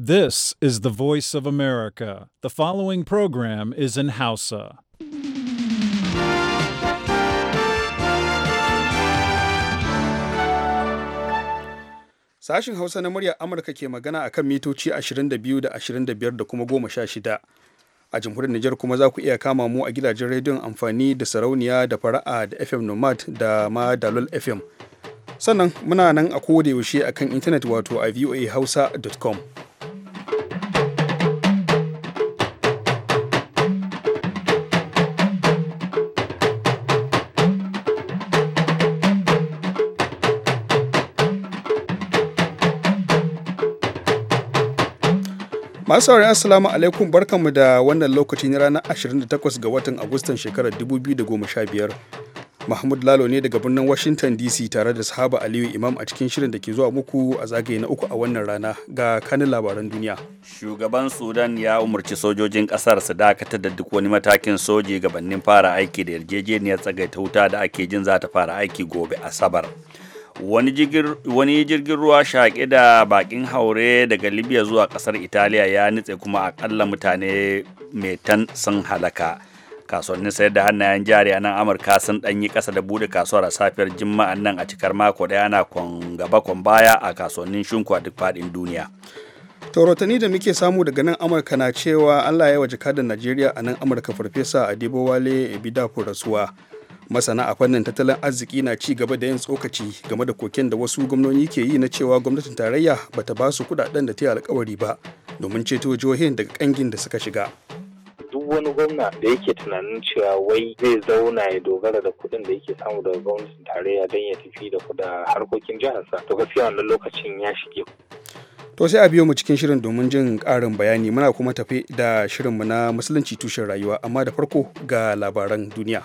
This is the voice of America. The following program is in Hausa. Sashen Hausa na muryar Amurka ke magana akan mitoci 22 da 25 da kuma 16. A jamhuriyar Nijar kuma za ku iya kama mu a gidajen rediyon amfani da sarauniya da fara'a da FM Nomad da ma Dalol FM. Sannan muna nan a kodayaushe yaushe akan intanet wato a voahausa.com. Masu saurari Assalamu alaikum barkanmu da wannan lokaci na ranar 28 ga watan Agustan shekarar 2015. Mahmud Lalo ne daga birnin Washington DC tare da sahaba Aliyu Imam a cikin shirin da ke zuwa muku a zagaye na uku a wannan rana ga kanin labaran duniya. Shugaban Sudan ya umarci sojojin kasar su dakatar da duk wani matakin soji gabanin fara aiki da yarjejeniyar tsagaita wuta da ake jin za ta fara aiki gobe Asabar. wani jirgin ruwa shaƙe da bakin haure daga libya zuwa ƙasar italiya ya nutse kuma akalla mutane metan sun halaka kasuwannin sayar da hannayen jari a nan amurka sun ɗanyi ƙasa da buɗe kasuwar a safiyar juma'a nan a cikar mako ɗaya na kwan gaba kwan baya a kasuwannin shinku a duk faɗin duniya rahotanni da muke samu daga nan amurka na cewa allah ya waje da najeriya a nan amurka farfesa adibowale wale ibidafu rasuwa masana a fannin tattalin arziki na ci gaba da yin tsokaci game da koken da wasu gwamnoni ke yi na cewa gwamnatin tarayya ta ba su kudaden da ta yi alkawari ba domin ceto jihohin daga kangin da suka shiga duk wani gwamna da yake tunanin cewa wai zai zauna ya dogara da kuɗin da yake samu daga gwamnatin tarayya don ya tafi da kuɗa harkokin jiharsa to gaskiya wannan lokacin ya shige to sai a biyo mu cikin shirin domin jin ƙarin bayani muna kuma tafi da shirin mu na musulunci tushen rayuwa amma da farko ga labaran duniya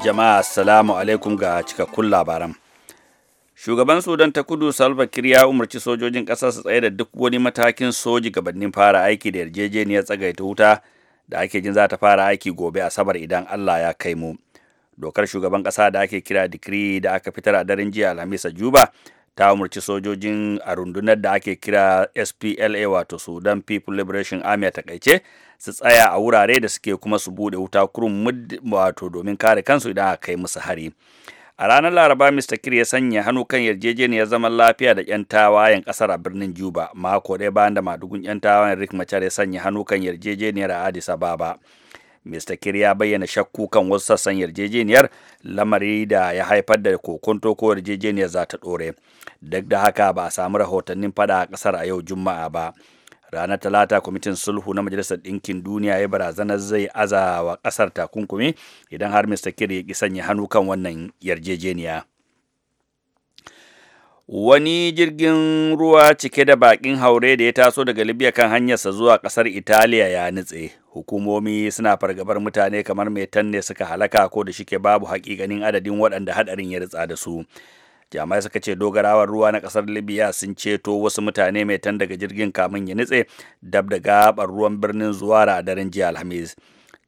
Jama'a Assalamu alaikum ga cikakkun labaran. Shugaban Sudan ta kudu Salva Kiir ya umarci sojojin ƙasa su tsaye da duk wani matakin soji gabanin fara aiki da yarjejeniyar tsagaita wuta da ake jin za ta fara aiki gobe Asabar idan Allah ya kai mu. Dokar shugaban ƙasa da ake kira dikiri da aka fitar a daren jiya Alhamis a Juba ta umarci sojojin a rundunar da ake kira spla wato sudan people liberation army a takaice su tsaya a wurare da suke kuma su bude wuta kurun wato domin kare kansu idan aka kai musu hari a ranar laraba mr kir ya sanya hannu kan yarjejeniyar zaman lafiya da yan tawayen ƙasar a birnin juba mako ɗaya bayan da madugun yan tawayen rick machar ya sanya hannu kan yarjejeniyar a addis ababa mr kir ya bayyana shakku kan wasu sassan yarjejeniyar lamari da ya haifar da kokonto ko yarjejeniyar za ta ɗore duk da haka ba a samu rahotannin fada a ƙasar a yau juma'a ba ranar talata kwamitin sulhu na majalisar ɗinkin duniya ya barazanar zai aza wa ƙasar takunkumi idan har mr kir ya ƙi sanya hannu kan wannan yarjejeniya wani jirgin ruwa cike da bakin haure da ya taso daga libya kan hanyarsa zuwa kasar italiya ya nutse hukumomi suna fargabar mutane kamar mai tanne suka halaka ko da shike babu hakikanin adadin waɗanda hadarin ya ritsa da su jami'ai suka ce dogarawar ruwa na kasar libya sun ceto wasu mutane mai tan daga jirgin kamun ya nutse dab da gabar ruwan birnin zuwara a daren jiya alhamis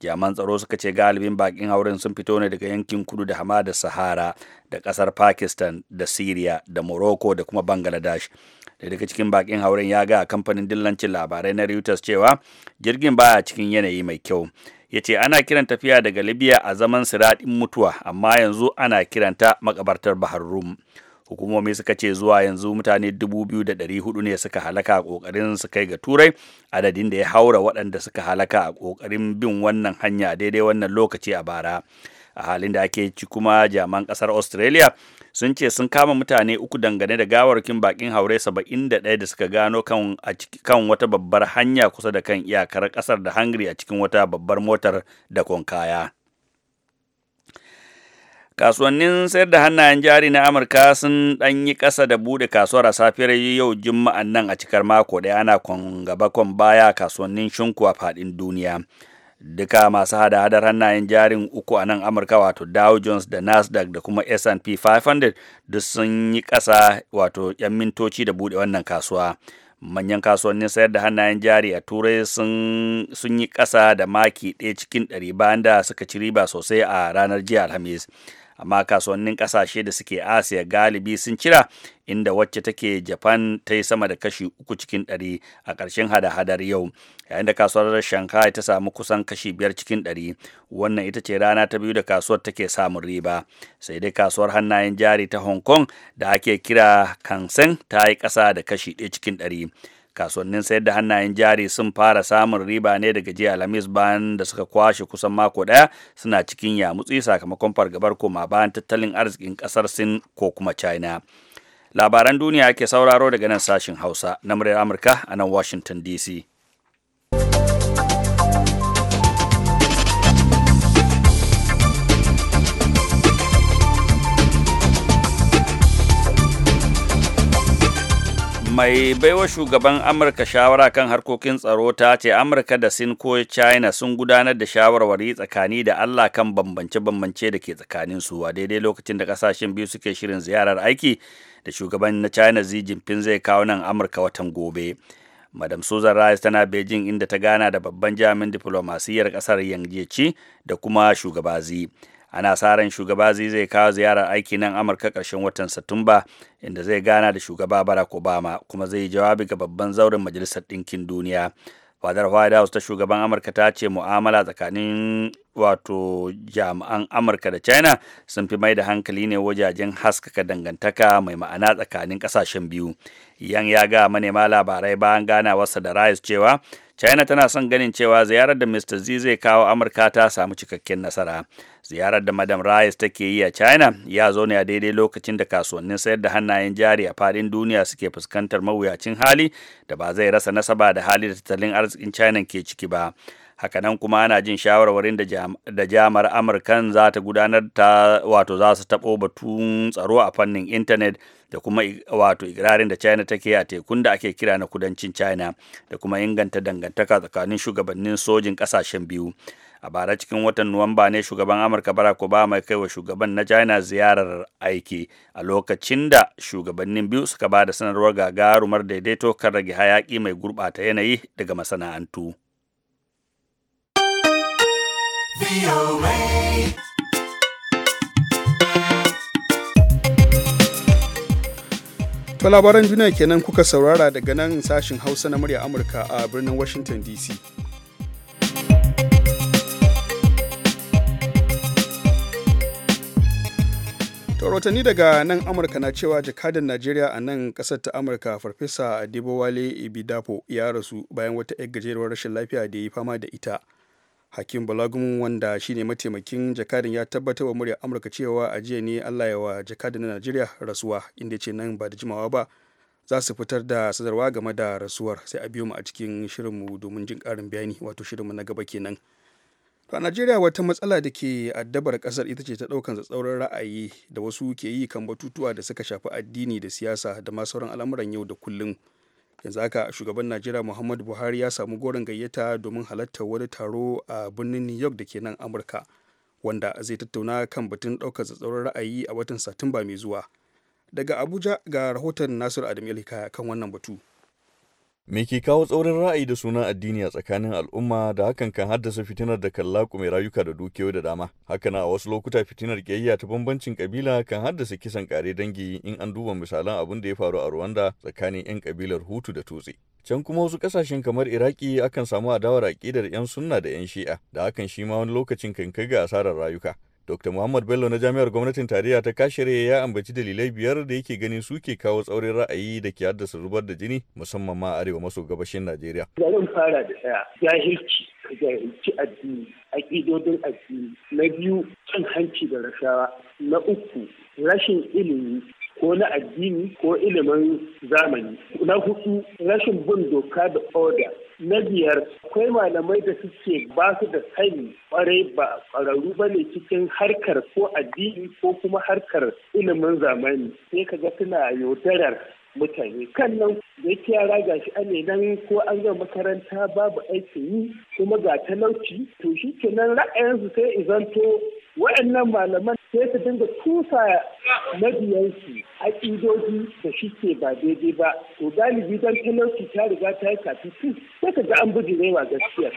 jaman tsaro suka ce galibin bakin hauren sun fito ne daga yankin kudu da hamada sahara da kasar pakistan da syria da morocco da kuma bangladesh da daga cikin bakin hauren ya ga kamfanin dillancin labarai na reuters cewa jirgin baya cikin yanayi mai kyau ya ce ana kiran tafiya daga libya a zaman siraɗin mutuwa amma yanzu ana kiranta makabartar bahar rum hukumomi suka ce zuwa yanzu mutane 2,400 ne suka halaka a kokarin su kai ga turai adadin da ya haura waɗanda suka halaka a kokarin bin wannan hanya daidai wannan lokaci a bara a halin da ake ci kuma jaman ƙasar australia sun ce sun kama mutane uku dangane da gawar kin bakin haure saba'in da da suka gano kan, wata babbar hanya kusa da kan iyakar ƙasar da hungary a cikin wata babbar motar da kaya kasuwannin sayar da hannayen jari na amurka sun ɗan yi ƙasa da buɗe kasuwar a safiyar yau juma'an nan a cikar mako ɗaya ana kon gaba kon baya kasuwannin shinku a faɗin duniya duka masu hada hadar hannayen jarin uku a nan amurka wato dow jones da nasdaq da kuma s&p 500 duk sun yi ƙasa wato 'yan mintoci da buɗe wannan kasuwa manyan kasuwannin sayar da hannayen jari a turai sun yi ƙasa da maki ɗaya cikin ɗari bayan da suka ci riba sosai a ranar jiya alhamis amma kasuwannin kasashe da suke asiya galibi sun cira inda wacce take japan ta yi sama da kashi uku cikin ɗari a ƙarshen hada-hadar yau yayin da kasuwar shanghai ta samu kusan kashi biyar cikin ɗari wannan ita ce rana ta biyu da kasuwar take samun riba sai dai kasuwar hannayen jari ta hong kong da ake kira kansen ta yi ƙasa da kashi ɗaya cikin ɗari kasuwannin sayar da hannayen jari sun fara samun riba ne daga jiya alhamis bayan da suka kwashe kusan mako daya suna cikin yamutsi sakamakon fargabar koma bayan tattalin arzikin kasar sin ko kuma china labaran duniya ake sauraro daga nan sashen hausa na muryar amurka a nan washington dc mai baiwa shugaban amurka shawara kan harkokin tsaro ta ce amurka da sin ko china sun gudanar da shawarwari tsakani da allah kan bambance-bambance da ke tsakanin su a daidai lokacin da kasashen biyu suke shirin ziyarar aiki da shugaban na china xi jinping zai kawo nan amurka watan gobe madam susan rice tana beijing inda ta gana da babban jami'in diflomasiyyar kasar yang da kuma shugaba zi. ana sa ran shugaba zai zai kawo ziyarar aiki nan amurka karshen watan satumba inda zai gana da shugaba barack obama kuma zai yi jawabi ga babban zauren majalisar ɗinkin duniya fadar white house ta shugaban amurka ta ce mu'amala tsakanin wato jami'an amurka da china sun fi mai da hankali ne wajajen haskaka dangantaka mai ma'ana tsakanin kasashen biyu yan ya ga manema labarai bayan ganawarsa da rice cewa china tana son ganin cewa ziyarar da mr z zai kawo amurka ta samu cikakken nasara ziyarar da madam rice take yi a china ya zo ne a daidai lokacin da kasuwannin sayar da hannayen jari a fadin duniya suke fuskantar mawuyacin hali da ba zai rasa nasaba da hali da tattalin arzikin china ke ciki ba hakanan kuma ana jin shawarwarin da jamar amurkan za ta gudanar ta wato za su taɓo batun tsaro a fannin intanet da kuma wato ikirarin da china take a tekun da ake kira na kudancin china da kuma inganta dangantaka tsakanin shugabannin sojin ƙasashen biyu a bara cikin watan nuwamba ne shugaban amurka barack obama mai kai wa shugaban na china ziyarar aiki a lokacin da shugabannin biyu suka ba da sanarwar gagarumar daidaito kan rage hayaki mai gurɓata yanayi daga masana'antu To labaran duniya kenan kuka saurara daga nan sashin Hausa na murya Amurka a birnin Washington DC. rahotanni daga nan amurka na cewa jakadan najeriya a nan kasar ta amurka farfesa adebowale ibidapo ya rasu bayan wata 'yar gajeruwar rashin lafiya da ya yi fama da ita hakim balagun wanda shine mataimakin jakadan ya tabbatar wa murya amurka cewa a jiya ne allah ya wa jakadan na najeriya rasuwa inda ce nan ba da jimawa ba za su fitar da sadarwa game da rasuwar sai a biyo mu a cikin shirinmu domin jin karin bayani wato shirinmu na gaba kenan. a Najeriya wata matsala da ke addabar kasar ita ce ta ɗaukan tsatsauran ra'ayi da wasu ke yi kan batutuwa da suka shafi addini da siyasa da ma sauran al'amuran yau da kullum. Yanzu haka shugaban Najeriya Muhammadu Buhari ya samu goron gayyata domin halartar wani taro a birnin New York da ke nan Amurka wanda zai tattauna kan batun ɗaukar tsatsauran ra'ayi a watan Satumba mai zuwa. Daga Abuja ga rahoton Nasiru Adam hikaya kan wannan batu. Me ke kawo tsaurin ra'ayi da suna addini a tsakanin al'umma da hakan kan haddasa fitinar da kan laƙume rayuka da dukiyoyi da dama. Haka na a wasu lokuta fitinar ƙiyayya ta bambancin kabila kan haddasa kisan ƙare dangi in an duba misalan abin da ya faru a Rwanda tsakanin 'yan kabilar Hutu da Tutsi. Can kuma wasu ƙasashen kamar Iraki akan samu adawar aƙidar 'yan sunna da 'yan shi'a da hakan shi ma wani lokacin kan kai ga asarar rayuka. Dr. Muhammad Bello na Jami'ar Gwamnatin Tarayya ta Kashire ya ambaci dalilai biyar da yake ganin suke kawo tsaurin ra'ayi da ke haddasa zubar da jini musamman ma arewa maso gabashin Najeriya. Zan fara da ɗaya jahilci, jahilci addini, aƙidodin addini, na biyu cin hanci da rashawa, na uku rashin ilimi ko na addini ko ilimin zamani, na hudu rashin bin doka da oda, na biyar akwai malamai da suke ba su da sani kwarai ba ƙwararru ba ne cikin harkar ko addini ko kuma harkar ilimin zamani sai ka ga suna yaudarar mutane kannan da yake yara ga shi ane nan ko an ga makaranta babu aikin yi kuma ga talauci to shi kenan ra'ayinsu sai izanto wa'annan malaman sai su dinga tusa mabiyansu a ƙidoji da shi ke ba daidai ba to galibi don talauci ta riga ta yi kafin sai ka ga an bujirewa gaskiya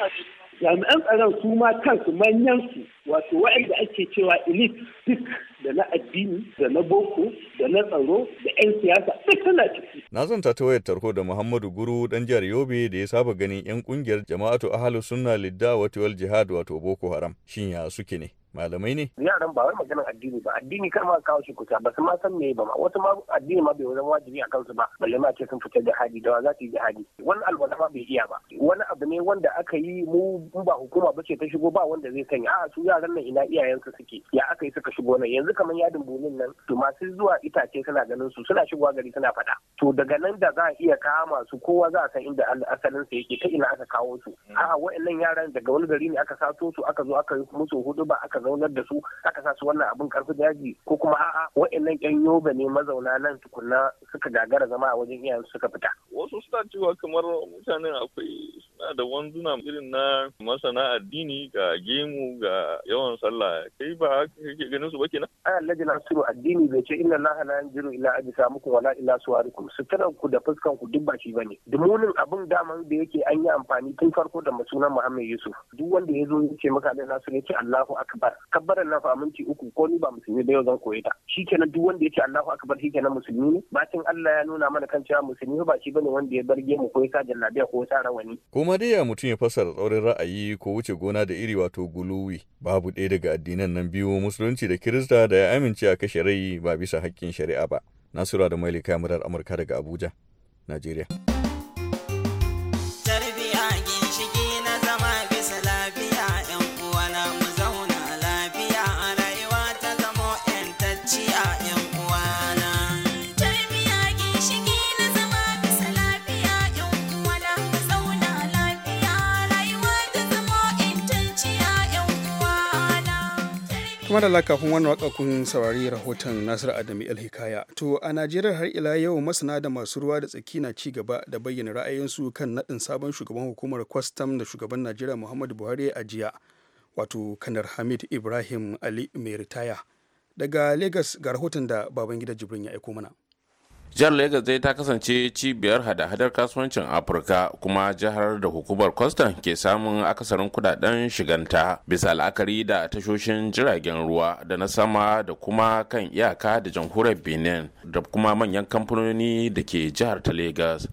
jami'an tsaron su ma kansu manyan su wato waɗanda ake cewa elite duk da na addini da na boko da na tsaro da 'yan siyasa duk suna ciki. Na zanta ta wayar tarho da Muhammadu Guru dan jihar Yobe da ya saba ganin 'yan kungiyar jama'atu ahalu sunna lidda wata jihad wato Boko Haram shin ya suke ne? malamai ne yaran ba wai maganar addini ba addini kar ma kawo shi kusa ba su ma san me ba wasu ma addini ma bai zama wajibi a kansu ba balle ma ce sun fita hadi da za su yi hadi wani alwala ma bai iya ba wani abu ne wanda aka yi mu ba hukuma ba ce ta shigo ba wanda zai sanya a su yaran nan ina iyayensu suke ya aka yi suka shigo nan yanzu kamar yadin bulin nan to masu zuwa itace suna ganin su suna shigowa gari suna faɗa to daga nan da za a iya kama su kowa za a san inda asalin su yake ta ina aka kawo su a'a wa'annan yaran daga wani gari ne aka sato su aka zo aka yi musu hudu ba aka zaunar da su aka sa su wannan abin karfi daji ko kuma a'a wa'annan yan yoba ne mazauna nan tukunna suka gagara zama a wajen iyayen suka fita wasu suna cewa kamar mutanen akwai suna da wanzuna irin na masana addini ga gemu ga yawan sallah kai ba haka kake ganin su ba kenan addini bai ce inna laha la yanjiru ila muku, wala ila suwarikum suturan ku da fuskan ku duk ba shi bane dumunin abin daman da yake an yi amfani tun farko da sunan Muhammad Yusuf duk wanda ya zo ya maka da nasiru ya Allahu akbar kabbaran na fa a minti uku ko ni ba musulmi ba yau zan koye ta Shi kenan duk wanda yace Allahu akbar kenan musulmi ne bacin Allah ya nuna mana kan cewa musulmi ba shi bane wanda ya bar gemu ko ya sa jallabiya ko sa rawani ko dai ya mutum ya fassara tsaurin ra'ayi ko wuce gona da iri wato guluwi babu ɗaya daga addinan nan biyu musulunci da kirista da ya amince a kashe rai ba bisa haƙƙin shari'a ba nasura da mailika murar amurka daga abuja najeriya madalla kafin wannan waka kun saurari rahoton nasiru adamu hikaya to a najeriya har ila yau masana da masu ruwa da tsaki na ci gaba da bayyana ra'ayinsu kan naɗin sabon shugaban hukumar kwastam da shugaban najeriya muhammadu buhari a jiya wato kanar hamid ibrahim ali mai ritaya daga lagos ga rahoton da babangida jibrin ya aiko mana jihar legas dai ta kasance cibiyar hada-hadar kasuwancin afirka kuma jihar da hukumar kwastam ke samun akasarin kudaden shiganta bisa la'akari da tashoshin jiragen ruwa da na sama da kuma kan iyaka da jamhuriyar benin da kuma manyan kamfanoni da ke jihar ta legas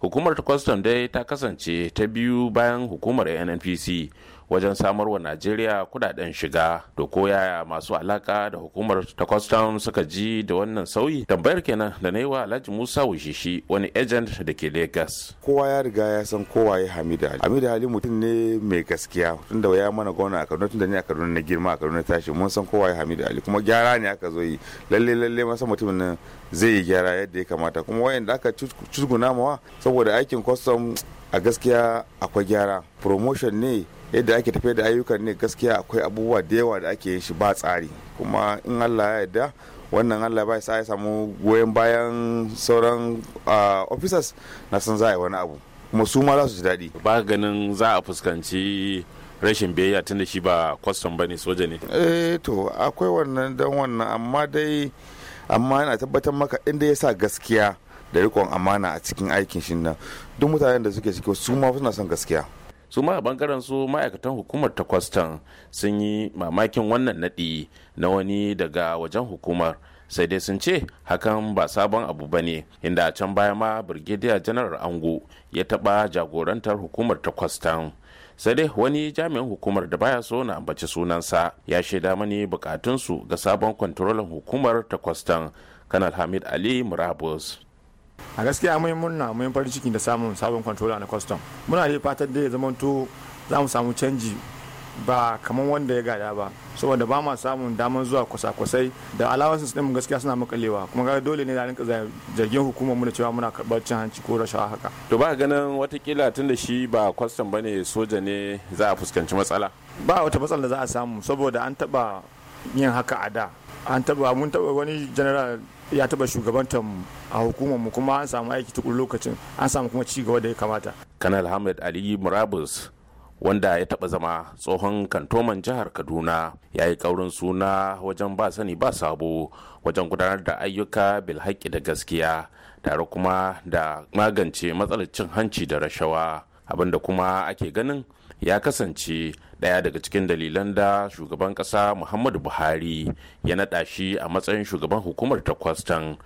hukumar ta kwastam dai ta kasance ta biyu bayan hukumar nnpc wajen samar wa najeriya kudaden shiga da ko yaya masu alaka da hukumar ta kwastam suka ji da wannan sauyi tambayar kenan da na yi wa alhaji musa wushishi wani agent da ke lagos kowa ya riga ya san kowa ya hamida ali hamida ali mutum ne mai gaskiya tun da ya mana gwamna a kaduna tun da ni a kaduna na girma a kaduna tashi mun san kowa ya hamida ali kuma gyara ne aka zo yi lalle lalle masa mutumin nan zai yi gyara yadda ya kamata kuma wayanda aka cusguna mawa saboda aikin kwastam a gaskiya akwai gyara promotion ne yadda ake tafiya da ayyukan ne gaskiya akwai abubuwa da yawa da ake yin shi ba tsari kuma in allah ya yarda wannan allah ba sa ya samu goyon bayan sauran ah, officers na san za a yi wani abu kuma su ma za su ji daɗi ba ganin za a fuskanci rashin biyayya tunda shi ba kwastam ba ne soja ne eh to akwai wannan dan wannan amma dai amma yana tabbatar maka inda ya sa gaskiya da rikon amana a cikin aikin shi nan duk mutanen da suke ciki su ma suna son gaskiya su ma a bangaren su ma'aikatan hukumar ta kwastan sun yi mamakin wannan naɗi na wani daga wajen hukumar sai dai sun ce hakan ba sabon abu ba ne inda a can baya ma birgidiya janar ango ya taɓa jagorantar hukumar ta kwastan sai dai wani jami'in hukumar da baya so na ambaci sunansa ya shaida mani bukatunsu ga sabon kwantarolin hukumar ta kwastan kanal hamid ali murabus a gaskiya mun murna mun farin ciki da samun sabon controller na custom muna da fatan da ya to za mu samu canji ba kamar wanda ya gada ba saboda ba ma samun damar zuwa kwasa-kwasai da allowances din gaskiya suna makalewa kuma ga dole ne da rinka jargin hukumar mu da cewa muna karɓar cin hanci ko rashawa haka to ba ganin watakila da shi ba kwastam bane soja ne za a fuskanci matsala ba wata matsala da za a samu saboda an taba yin haka a da an taba mun taba wani general ya taba shugabantar a hukumar mu kuma an samu aiki tukun lokacin an samu kuma ci gaba da ya kamata kanal hamid ali murabus wanda ya taba zama tsohon kantoman jihar kaduna ya yi kaurin suna wajen ba sani ba sabo wajen gudanar da ayyuka bilhaki da gaskiya tare kuma da magance matsalar cin hanci da rashawa abinda kuma ake ganin ya kasance ɗaya daga cikin dalilan da shugaban kasa muhammadu buhari ya naɗa shi a matsayin shugaban hukumar ta kwastan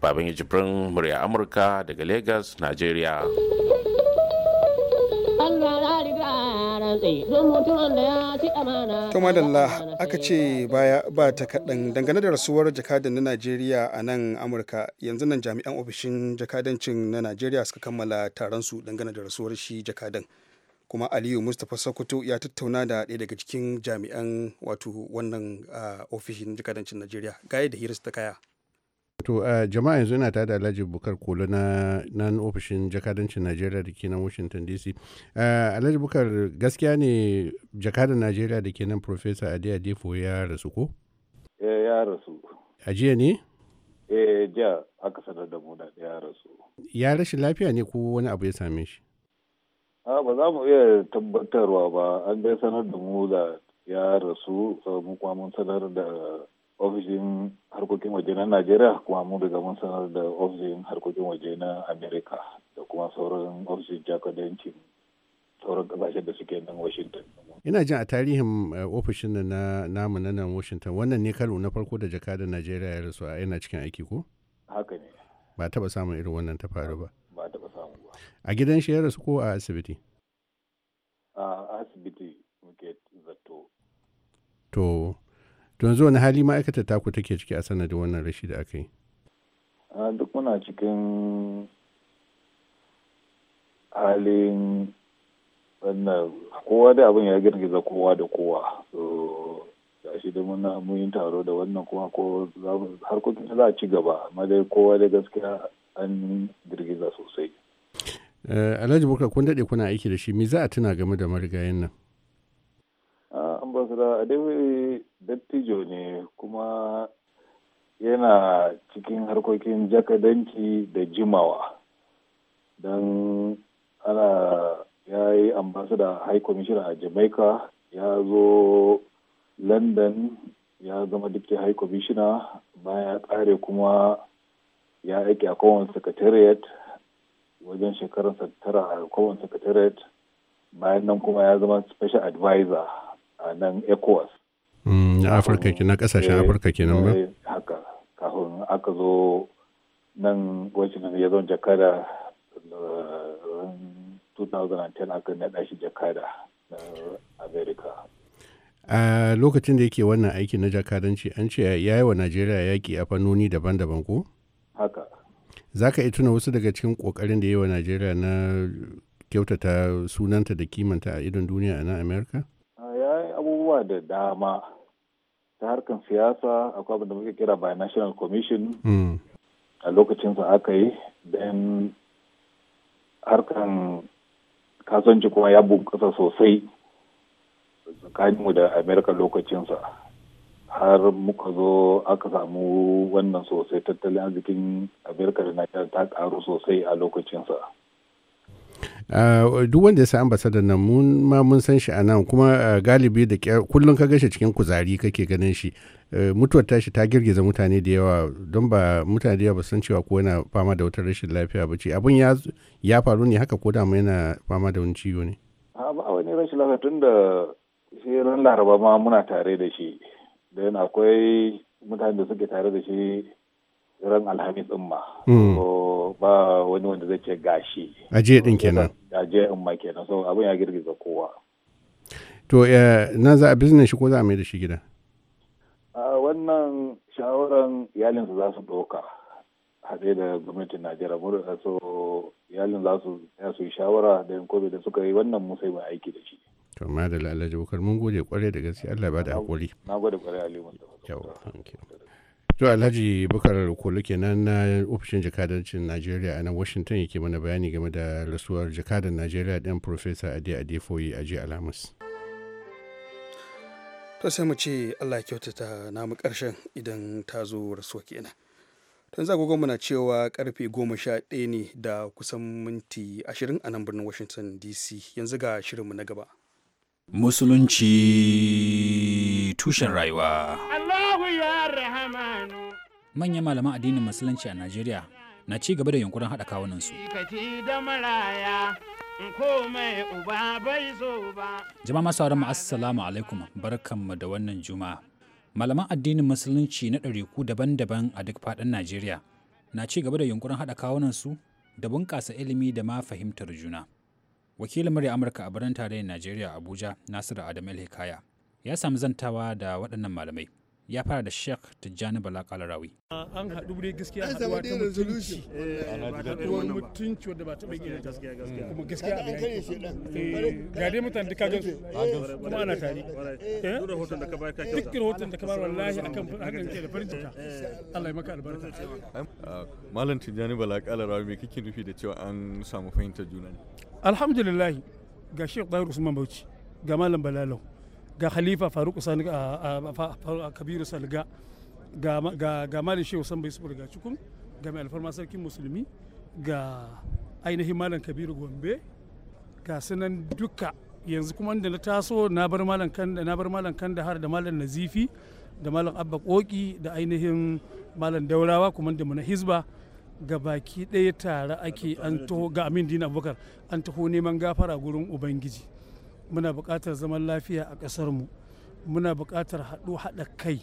baban jibrin murya amurka daga lagos nigeria to madalla aka ce baya ba ta kaɗan dangane da rasuwar jakadan na najeriya a nan amurka yanzu nan jami'an ofishin jakadancin na najeriya suka kammala taron su dangane da rasuwar shi jakadan kuma aliyu mustapha sokoto ya tattauna da ɗaya daga cikin jami'an wato wannan ah, ofishin jikadancin najeriya gaya da hirarsa ta kaya to ah, jama'a yanzu ina tada alhaji bukar kolo na nan ofishin jakadancin najeriya da ke nan washington dc ah, alhaji bukar gaskiya ne jakadan najeriya da ke nan professor adi adefo ya rasu ko eh, ya rasu a jiya ne eh jiya aka sanar da mu da ya rasu ya rashin lafiya ne ko wani abu ya same shi ba za mu iya tabbatarwa ba an dai sanar da mu da ya rasu mu kuma mun sanar da ofishin harkokin waje na najeriya kuma mun riga mun sanar da ofishin harkokin waje na amerika da kuma sauran ofishin jakadancin sauran kasashen da suke nan washington ina jin a tarihin eh, ofishin na namu na nan washington wannan ne karo na farko da jakadan najeriya ya rasu a yana cikin aiki ko haka ne ba taba samun irin wannan ta faru ba a gidan shi ya rasu ko a asibiti a asibiti muke zato to don zuwa na hali ma'aikatar ku take ciki a sanadin wannan rashi da aka yi duk muna cikin halin kowa da abin ya girgiza kowa da kowa da shi da muna muyin taro da wannan kuma ko harkokin za a ci gaba amma dai kowa da gaskiya an girgiza sosai Eh, alhaji boka kun daɗe kuna aiki da shi me za a tuna game da marigayen nan ambasada adewe dattijo ne kuma yana cikin harkokin jakadanci da jimawa don ana ya yi ambasada high commissioner a jamaica ya zo london ya zama dukki high commissioner bayan ya kare kuma ya aiki a kowane secretariat wajen shekarunsa tara a kowane secretariat bayan nan kuma ya zama special advisor a nan ecowas mm, na afirka na kasashen eh, afirka kenan ba eh, haka kafin aka zo nan wacin ya zama jakada 2010 aka naɗa shi jakada na america a lokacin da yake wannan aiki na jakadanci an ce ya yi wa najeriya yaƙi a fannoni daban-daban ko haka za ka iya tuna wasu daga cikin kokarin da yi wa najeriya na kyautata sunanta da kimanta a idon duniya a nan amerika ya yi abubuwa da dama ta harkar siyasa akwai abin da muke kira by national commission mm. a lokacinsa aka yi don harkar kasuwanci kuma ya bunƙasa sosai tsakaninmu da amerika lokacinsa har muka zo aka samu wannan sosai tattalin arzikin amerika da nigeria ta karu sosai a lokacinsa ah, duk wanda ya sa ambasadar nan mun ma mun san shi a nan kuma ah, galibi da kullum ka gashi cikin kuzari kake ganin shi eh, mutuwar tashi ta girgiza mutane da yawa don ba mutane da yawa ba san cewa ko yana fama da wata rashin lafiya ba ce abin ya faru ne haka ko dama yana fama da wani ciwo ne ah, a wani rashin lafiya tun da shi ran laraba ma muna tare da shi da yana akwai mutane da suke tare da shi ran alhamis din ma hmm. ba wani wanda zai ce gashi ajiye din kenan ajiye din ma kenan so abin ya girgiza kowa to nan za a business shi ko za a mai da shi gida wannan shawaran su za su ɗauka haɗe da gwamnatin najeriya murna so iyalin za su yi shawara da yankobe da suka yi wannan musai mai aiki da shi to da alhaji bukar mun gode kwarai da gaske allah ba da hakuri na gode kwarai to alhaji bukar kolo kenan na ofishin jakadancin najeriya a nan washington yake mana bayani game da rasuwar jakadan najeriya ɗin professor adi adefoyi a jiya alhamis to sai mu ce allah kyautata namu karshen idan ta zo rasuwa kenan tun za zagogon muna cewa karfe goma sha ɗaya ne da kusan minti ashirin a nan birnin washington dc yanzu ga shirinmu na gaba Musulunci tushen rayuwa. Manyan malaman addinin Musulunci a Najeriya na ci gaba da yunkurin haɗa kawunansu. Jama'a masu mu assalamu alaikum barkanmu da wannan juma'a. Malaman addinin Musulunci na ɗariku daban-daban a duk faɗin Najeriya na ci gaba da yunkurin haɗa kawunansu da bunƙasa ilimi da ma fahimtar juna. wakilin murya amurka a birnin tarayyar najeriya abuja nasiru adam el hikaya ya sami zantawa da waɗannan malamai ya fara da sheikh tijjani bala kalarawi an haɗu ne gaskiya eh, haɗuwa ta mutunci haɗuwar mutunci wadda ba ta bai gina kuma gaskiya a gari eh, ga dai mutan duka gansu kuma ana tare eh? dukkan hoton da ka bayar duk rahoton da wallahi akan hakan ke da farin jika Allah ya maka albarka malam tijjani bala kalarawi me kike nufi da cewa an samu fahimtar juna ne alhamdulillah ga sheikh ɗayar usman bauchi ga malam balalo ga khalifa faruk usani kabiru salga ga ga malam sheikh usman bai ga cikin ga mai alfarma sarkin musulmi ga ainihin malam kabiru gombe ga sunan duka yanzu kuma inda na taso na bar malam kanda na bar malam kanda har da malam nazifi da malam abba koki da ainihin malam daurawa kuma da mu na hizba ga baki ɗaya tare ake an taho ga amin dina abubakar an taho neman gafara gurin ubangiji muna buƙatar zaman lafiya a ƙasar mu muna buƙatar haɗu haɗa kai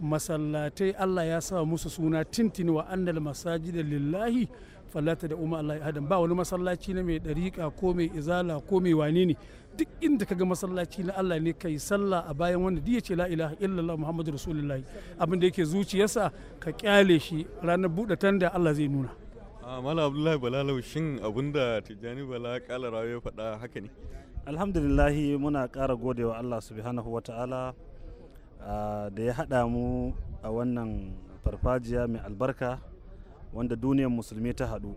masallatai allah ya sa musu suna tintini wa annal masajidan lillahi fallata da umar Allah adam ba wani masallaci na mai dariƙa ko mai izala ko mai wani ne duk inda ka ga masallaci na Allah ne kai sallah a bayan wanda duk yace la ilaha illallah muhammadu rasulullahi abin da yake zuciyarsa ka kyale shi ranar buɗe tanda Allah zai nuna Mala Abdullahi Balalau shin abinda Tijjani Bala kala rawa ya faɗa haka ne Alhamdulillahi muna ƙara godewa Allah subhanahu wa ta'ala ah, da ya haɗa mu a wannan farfajiya mai albarka wanda duniyar musulmi ta haɗu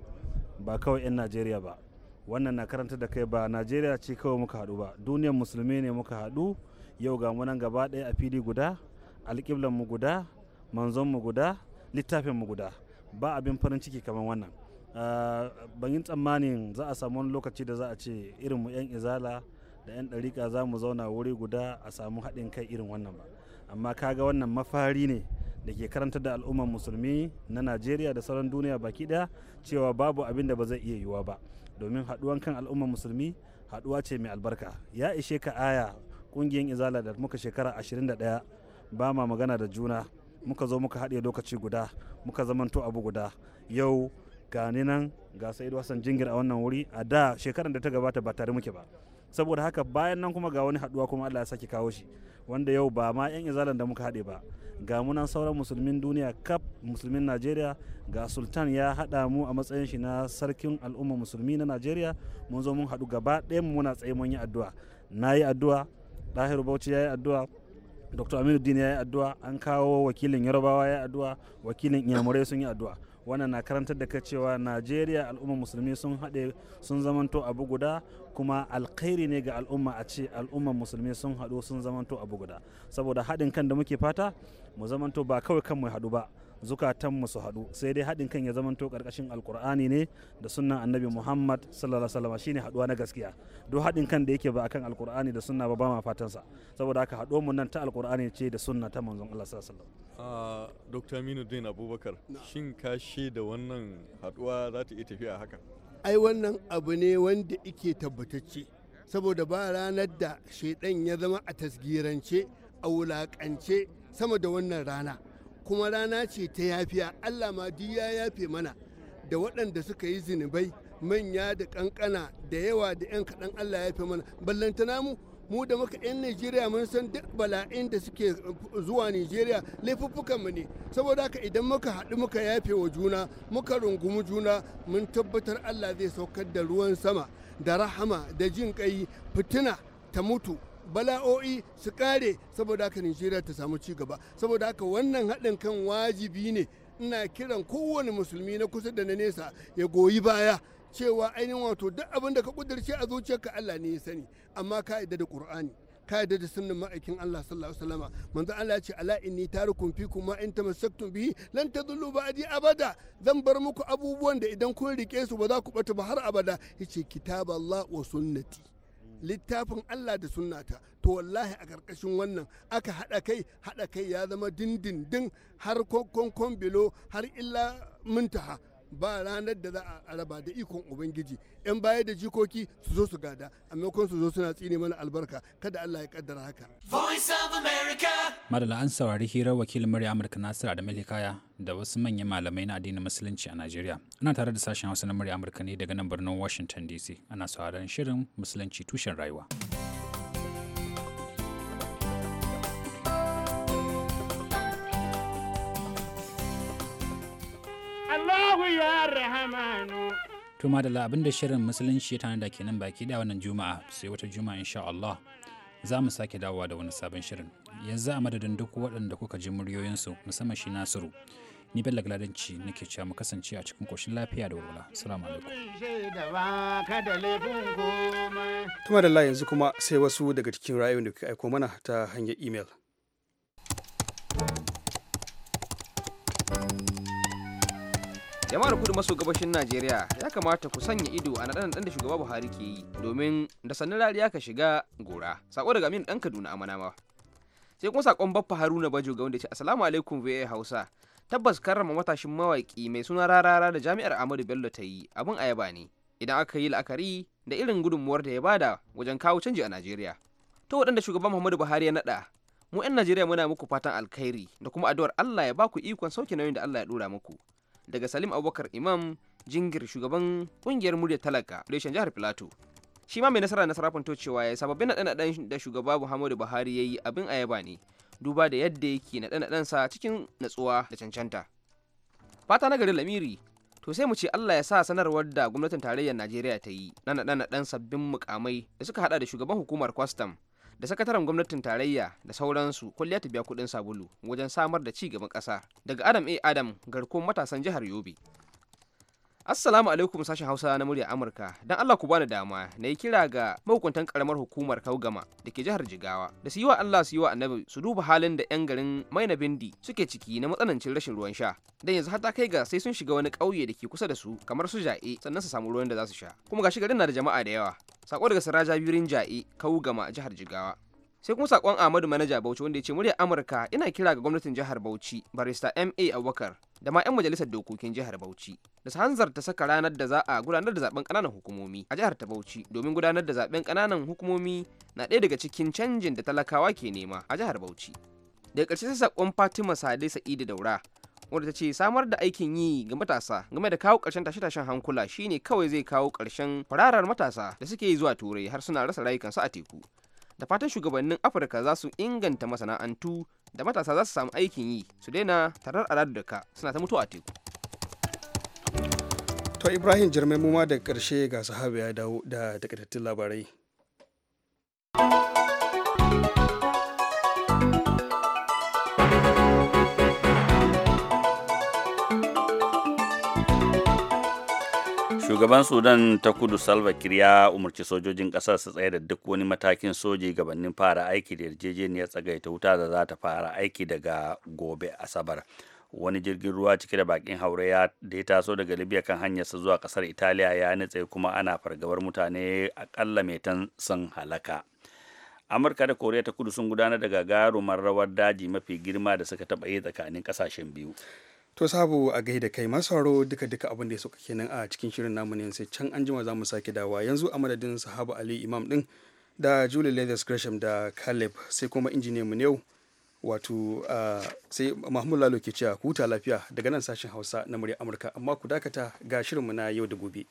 ba kawai 'yan najeriya ba wannan na karanta da kai ba najeriya ce kawai muka haɗu ba duniyar musulmi ne muka haɗu yau ga munan gaba ɗaya a fili guda alƙiblan mu guda manzon mu guda littafin mu guda ba abin farin ciki kamar wannan ah, ban yi tsammanin za a samu wani lokaci da za a ce irin mu 'yan izala da 'yan ɗarika za mu zauna wuri guda a samu haɗin kai irin wannan ba amma kaga wannan mafari ne da ke karantar da al'ummar musulmi na najeriya da sauran duniya baki daya cewa babu abin da ba zai iya yiwuwa ba domin haɗuwan kan al'ummar musulmi haɗuwa ce mai albarka ya ishe ka aya ƙungiyar izala da muka shekara 21 ba ma magana da juna muka zo muka haɗe lokaci guda muka zamanto abu guda yau ga ni nan ga sa'idu hassan jingir a wannan wuri a da shekarar da ta gabata ba tare muke ba saboda haka bayan nan kuma ga wani haɗuwa kuma allah ya sake kawo shi wanda yau ba ma 'yan izalan da muka haɗe ba ga munan sauran musulmin duniya kaf musulmin najeriya ga sultan ya haɗa mu a matsayin shi na sarkin al'umma musulmi na najeriya mun zo mun haɗu gaba ɗayan muna tsaye mun yi addu'a na yi addu'a ɗahiru bauchi ya yi addu'a dr aminu dini ya yi addu'a an kawo wakilin yarbawa ya yi addu'a wakilin inyamurai sun yi addu'a wannan na karantar da ka cewa najeriya al'umma musulmi sun haɗe sun zamanto abu guda kuma alkhairi ne ga al'umma a ce al'umman musulmi sun haɗu sun zamanto abu guda saboda haɗin kan da muke fata mu zamanto ba kawai kan mu haɗu ba zukatan mu su haɗu sai dai haɗin kan ya zamanto ƙarƙashin alkur'ani ne da sunnan annabi muhammad sallallahu alaihi wasallam shine haɗuwa na gaskiya duk haɗin kan da yake ba akan alkur'ani da sunna ba ba ma fatan sa saboda haka haɗo mu nan ta alkur'ani ce da sunna ta manzon allah sallallahu alaihi wasallam ah, dr aminuddin abubakar shin ka da wannan haɗuwa za ta iya tafiya haka ai wannan abu ne wanda ike tabbatacce saboda ba ranar da shaidan ya zama a tasgirance a wulakance sama da wannan rana kuma rana ce ta yafiya allah ma duk ya yafe mana da waɗanda suka yi zinubai manya da ƙanƙana da yawa da 'yan kaɗan allah ya yafe mana ballantana mu mu da muka 'yan Najeriya mun san duk bala'in da suke zuwa Najeriya mu ne saboda haka idan muka haɗu muka yafe wa juna muka rungumi juna mun tabbatar Allah zai saukar da ruwan sama da rahama da jin ƙai fitina ta mutu bala'o'i su kare saboda haka Najeriya ta samu ci gaba saboda haka wannan haɗin kan wajibi ne ina kiran kowane musulmi na kusa da na nesa ya goyi baya cewa ainihin wato duk abin da ka kudirce a zuciyarka Allah ne ya sani amma ka yadda da Qur'ani ka yadda da sunnan ma'aikin Allah sallallahu alaihi wasallama manzo Allah ya ce ala inni tarukum fikum ma in tamassaktum bihi lan tadullu ba'di abada zan bar muku abubuwan da idan kun rike su ba za ku bata ba har abada yace kitaballah wa sunnati littafin Allah da sunnata to wallahi a karkashin wannan aka haɗa kai haɗa kai ya zama dindindin har kon bilo har illa muntaha ba ranar da za a raba da ikon ubangiji yan baya da jikoki su zo su gada a maimakon su zo suna tsine mana albarka kada Allah ya kaddara haka voice of america madala an saurari hirar wakilin murya amurka nasir adamu likaya da wasu manyan malamai na addinin musulunci a nigeria ana tare da sashen hausa na murya amurka ne daga nan birnin washington dc ana sauraron shirin musulunci tushen rayuwa ya rahamanu to madalla abinda shirin musulunci ya tanada nan baki da wannan juma'a sai wata juma'a insha Allah za mu sake dawowa da wani sabon shirin yanzu a madadin duk waɗanda kuka ji muryoyinsu musamman shi nasiru ni bella gladanci nake cewa mu kasance a cikin koshin lafiya da walwala assalamu alaikum tuma da yanzu kuma sai wasu daga cikin ra'ayoyin da kuka aiko mana ta hanyar imel. jama'ar kudu maso gabashin najeriya ya kamata ku sanya ido a naɗa da shugaba buhari ke yi domin da sannan rariya ka shiga gora sako daga min ɗan kaduna ma sai kuma sakon baffa haruna bajo ga wanda ce assalamu alaikum va hausa tabbas karrama matashin mawaki mai suna rarara da jami'ar amadu bello ta yi abin ayaba ne idan aka yi la'akari da irin gudunmuwar da ya bada wajen kawo canji a najeriya to waɗanda shugaban muhammadu buhari ya naɗa mu 'yan najeriya muna muku fatan alkhairi da kuma addu'ar allah ya baku ikon sauke nauyin da allah ya ɗora muku daga salim abubakar imam jingir shugaban kungiyar murya talaka reshen jihar filato shi ma mai nasara na sarafanto cewa ya sababbin naɗe-naɗen da shugaba muhammadu buhari ya yi abin ayaba ne duba da yadda yake naɗe sa cikin natsuwa da cancanta fata na gari lamiri to sai mu ce Allah ya sa sanarwar da gwamnatin tarayyar Najeriya ta yi na naɗe-naɗen sabbin mukamai da suka hada da shugaban hukumar kwastam da sakataren gwamnatin tarayya da sauransu kwalliya ta biya kuɗin sabulu wajen samar da ci gaban ƙasa daga adam a adam garkuwar matasan jihar yobe Assalamu alaikum sashen Hausa na murya Amurka. Dan Allah ku bani dama na yi kira ga mahukuntan karamar hukumar Kaugama da ke jihar Jigawa da su yi wa Allah su yi wa Annabi su duba halin da 'yan garin Maina Bindi suke ciki na matsanancin rashin ruwan sha. Dan yanzu har ta kai ga sai sun shiga wani ƙauye da ke kusa da su kamar su ja'e sannan su samu ruwan da za su sha. Kuma gashi garin na da jama'a da yawa. Sako daga Saraja Birin Ja'e Kaugama jihar Jigawa. sai kuma sakon Ahmadu Manaja Bauchi wanda ya ce muryar Amurka ina kira ga gwamnatin jihar Bauchi barista MA Abubakar da ma 'yan majalisar dokokin jihar Bauchi da su hanzarta saka ranar da za a gudanar da zaben kananan hukumomi a jihar ta Bauchi domin gudanar da zaben kananan hukumomi na ɗaya daga cikin canjin da talakawa ke nema a jihar Bauchi. Daga ƙarshe sai saƙon Fatima Sade Sa'idu Daura wadda ta ce samar da aikin yi ga matasa game da kawo ƙarshen tashe-tashen hankula shine kawai zai kawo ƙarshen fararar matasa da suke yi zuwa turai har suna rasa rayukansu a teku. da fatan shugabannin afirka za su inganta masana'antu da matasa za su samu aikin yi su daina tarar a ka suna ta mutuwa a teku to ibrahim jirmai muma daga karshe ga sahabiya dawo da takaitattun labarai shugaban sudan ta kudu salva kiir ya umarci sojojin kasar su tsaye da duk wani matakin soji gabanin fara aiki da yarjejeniyar tsagaita wuta da za ta fara aiki daga gobe asabar wani jirgin ruwa cike da bakin haure da ya taso daga libya kan hanyarsa zuwa kasar italiya ya nutse kuma ana fargabar mutane akalla metan sun halaka amurka da koriya ta kudu sun gudanar da gagarumar rawar daji mafi girma da suka taɓa yi tsakanin ƙasashen biyu To sabu a da kai masu haro duka duka abin da ya sauka kenan a cikin shirin namu ne sai can an jima za mu sake dawa yanzu a madadin sahaba Ali Imam din da Julie Leathers Gresham da Caleb sai kuma injiniyan mu yau wato sai Mahmud Lalo ke cewa ku huta lafiya daga nan sashen Hausa na murya Amurka amma ku dakata ga shirin mu na yau da gobe.